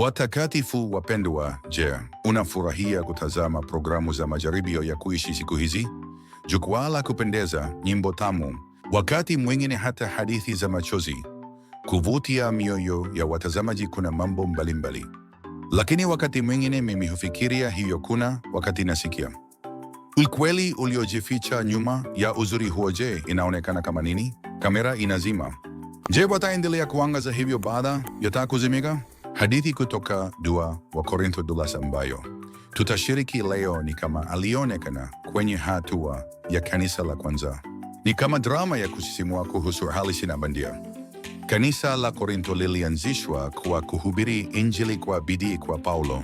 Watakatifu wapendwa, je, unafurahia kutazama programu za majaribio ya kuishi siku hizi? Jukwaa la kupendeza, nyimbo tamu, wakati mwingine hata hadithi za machozi kuvutia mioyo ya watazamaji. Kuna mambo mbalimbali, lakini wakati mwingine mimi hufikiria hiyo, kuna wakati nasikia ukweli uliojificha nyuma ya uzuri huo. Je, inaonekana kama nini? Kamera inazima. Je, wataendelea kuangaza hivyo baada ya taa kuzimika? Hadithi kutoka dua wa Korintho Dulas ambayo tutashiriki leo ni kama alionekana kwenye hatua ya kanisa la kwanza. Ni kama drama ya kusisimua kuhusu halisi na bandia. Kanisa la Korintho lilianzishwa kwa kuhubiri Injili kwa bidii kwa Paulo.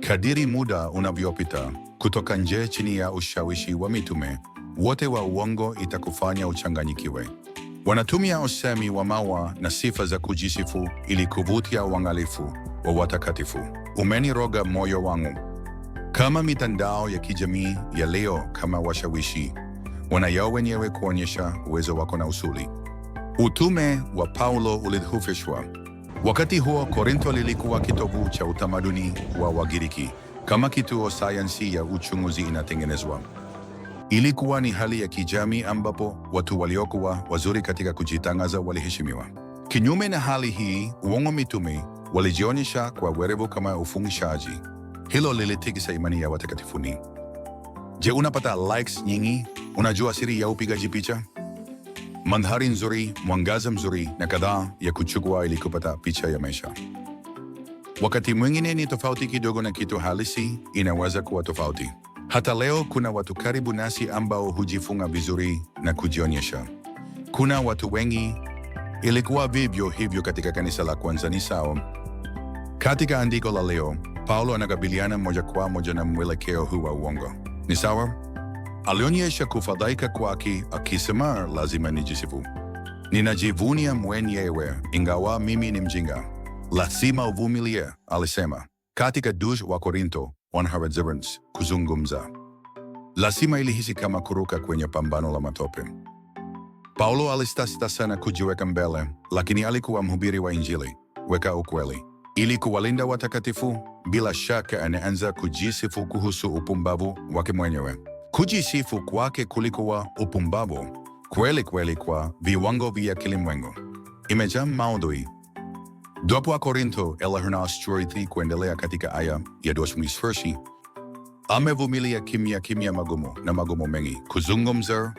Kadiri muda unavyopita kutoka nje chini ya ushawishi wa mitume wote wa uongo itakufanya uchanganyikiwe. Wanatumia usemi wa mawa na sifa za kujisifu ili kuvutia uangalifu wa watakatifu. Umeniroga moyo wangu. Kama mitandao ya kijamii ya leo, kama washawishi wanayao wenyewe kuonyesha uwezo wako na usuli. Utume wa Paulo ulidhufishwa. Wakati huo Korinto lilikuwa kitovu cha utamaduni wa Wagiriki, kama kituo sayansi ya uchunguzi inatengenezwa. Ilikuwa ni hali ya kijamii ambapo watu waliokuwa wazuri katika kujitangaza waliheshimiwa. Kinyume na hali hii, uongo mitume walijionyesha kwa werevu kama ufungishaji. Hilo lilitikisa imani ya watakatifuni. Je, unapata likes nyingi? Unajua siri ya upigaji picha? Mandhari nzuri, mwangaza mzuri na kadhaa ya kuchukua ili kupata picha ya maisha. Wakati mwingine ni tofauti kidogo na kitu halisi, inaweza kuwa tofauti. Hata leo kuna watu karibu nasi ambao hujifunga vizuri na kujionyesha. Kuna watu wengi. Ilikuwa vivyo hivyo katika kanisa la kwanza ni sawa. Katika andiko la leo, Paulo anakabiliana moja kwa moja na mwelekeo huu wa uongo. Ni sawa? Alionyesha kufadhaika kwake akisema, lazima nijisifu. Ninajivunia mwenyewe ingawa mimi ni mjinga. Lazima uvumilie, alisema katika dus wa Korinto wanahabari kuzungumza. Lasima ilihisi kama kuruka kwenye pambano la matope. Paulo alistasita sana kujiweka mbele, lakini alikuwa mhubiri wa Injili, weka ukweli ili kuwalinda watakatifu. Bila shaka anaanza kujisifu kuhusu upumbavu wake mwenyewe. Kujisifu kwake kulikuwa upumbavu kweli kweli kwa viwango vya kilimwengu. Imejaa maudhui Dopo wa Korintho elahernasturiti kuendelea katika aya ya dosmis versi amevumilia kimya kimya magumu na magumu mengi, kuzungumza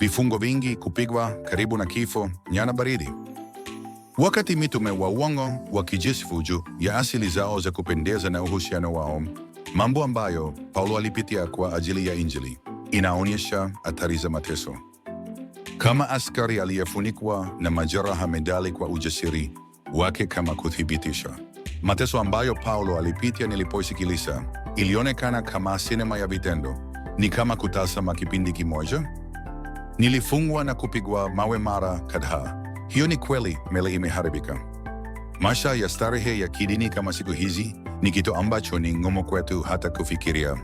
vifungo vingi, kupigwa karibu na kifo, nyana baridi. Wakati mitume wa uongo wakijisifu juu ya asili zao za kupendeza na uhusiano wao, mambo ambayo Paulo alipitia kwa ajili ya Injili inaonyesha athari za mateso. Kama askari aliyefunikwa na majeraha medali kwa ujasiri wake kama kuthibitisha. Mateso ambayo Paulo alipitia nilipoisikiliza ilionekana kama sinema ya vitendo, ni kama kutazama kipindi kimoja. Nilifungwa na kupigwa mawe mara kadhaa. Hiyo ni kweli, meli imeharibika. Maisha ya starehe ya kidini kama siku hizi ni kitu ambacho ni ngumu kwetu hata kufikiria,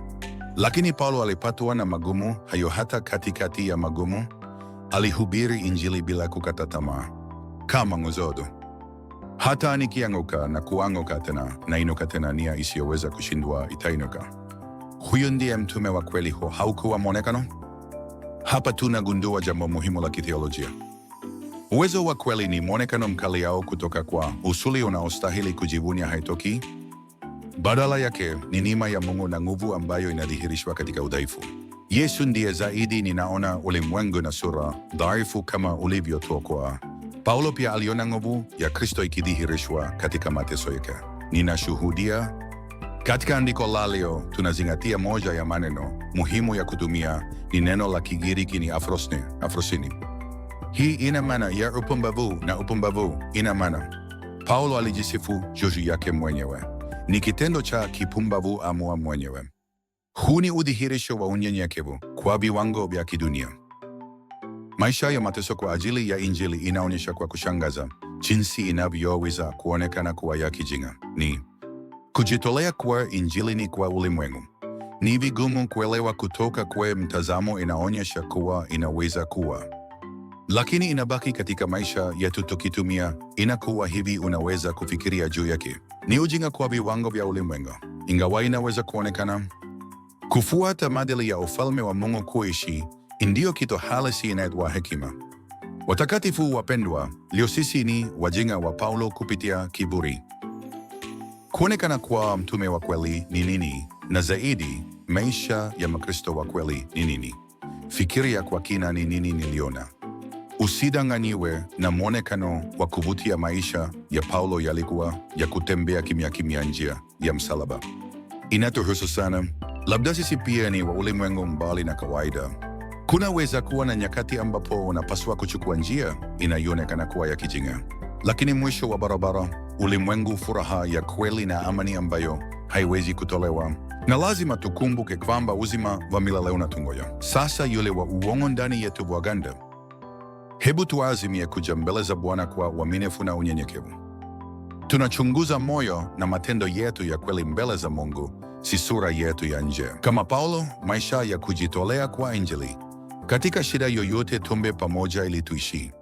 lakini Paulo alipatwa na magumu hayo. Hata katikati ya magumu alihubiri Injili bila kukata tamaa kama nguzo hata nikianguka na kuanguka tena, nainuka tena, nia isiyoweza kushindwa itainuka. Huyu ndiye mtume wa kweli. Haukuwa mwonekano. Hapa tunagundua jambo muhimu la kitheolojia. Uwezo wa kweli ni mwonekano mkali au kutoka kwa usuli unaostahili kujivunia haitoki. Badala yake ni neema ya Mungu na nguvu ambayo inadhihirishwa katika udhaifu. Yesu ndiye zaidi. Ninaona ulimwengu na sura dhaifu kama ulivyotokwa Paulo pia aliona nguvu ya Kristo ikidhihirishwa katika mateso yake. Ninashuhudia katika andiko la leo, tunazingatia moja ya maneno muhimu ya kutumia, ni neno la Kigiriki ni afrosne, afrosini. Hii ina maana ya upumbavu, na upumbavu ina maana Paulo alijisifu juu yake mwenyewe, ni kitendo cha kipumbavu amua mwenyewe. Huu ni udhihirisho wa unyenyekevu kwa viwango vya kidunia. Maisha ya mateso kwa ajili ya Injili inaonyesha kwa kushangaza jinsi inavyoweza kuonekana kuwa ya kijinga. Ni kujitolea kwa Injili ni kwa ulimwengu. Ni vigumu kuelewa kutoka kwa mtazamo inaonyesha kuwa inaweza kuwa, lakini inabaki katika maisha yetu tukitumia. Inakuwa hivi, unaweza kufikiria juu yake. Ni ujinga kwa viwango vya ulimwengu, ingawa inaweza kuonekana kufuata madili ya ufalme wa Mungu kuishi ndiyo kito halisi inaitwa hekima. Watakatifu wapendwa, leo sisi ni wajinga wa Paulo kupitia kiburi. Kuonekana kwa mtume wa kweli ni nini, na zaidi maisha ya Mkristo wa kweli ni nini? Fikiria kwa kina, ni nini niliona. Usidanganyiwe na mwonekano wa kuvutia. Maisha ya Paulo yalikuwa ya kutembea kimya kimya njia ya msalaba. Inatuhusu sana. Labda sisi pia ni wa ulimwengu mbali na kawaida. Kunaweza kuwa na nyakati ambapo unapaswa kuchukua njia inayoonekana kuwa ya kijinga, lakini mwisho wa barabara, ulimwengu furaha ya kweli na amani ambayo haiwezi kutolewa. Na lazima tukumbuke kwamba uzima wa milele unatungoja. Sasa yule wa uongo ndani yetu waganda, hebu tuazimie kuja mbele za Bwana kwa uaminifu na unyenyekevu. Tunachunguza moyo na matendo yetu ya kweli mbele za Mungu, si sura yetu ya nje. Kama Paulo, maisha ya kujitolea kwa Injili katika shida yoyote tumbe pamoja ili tuishi.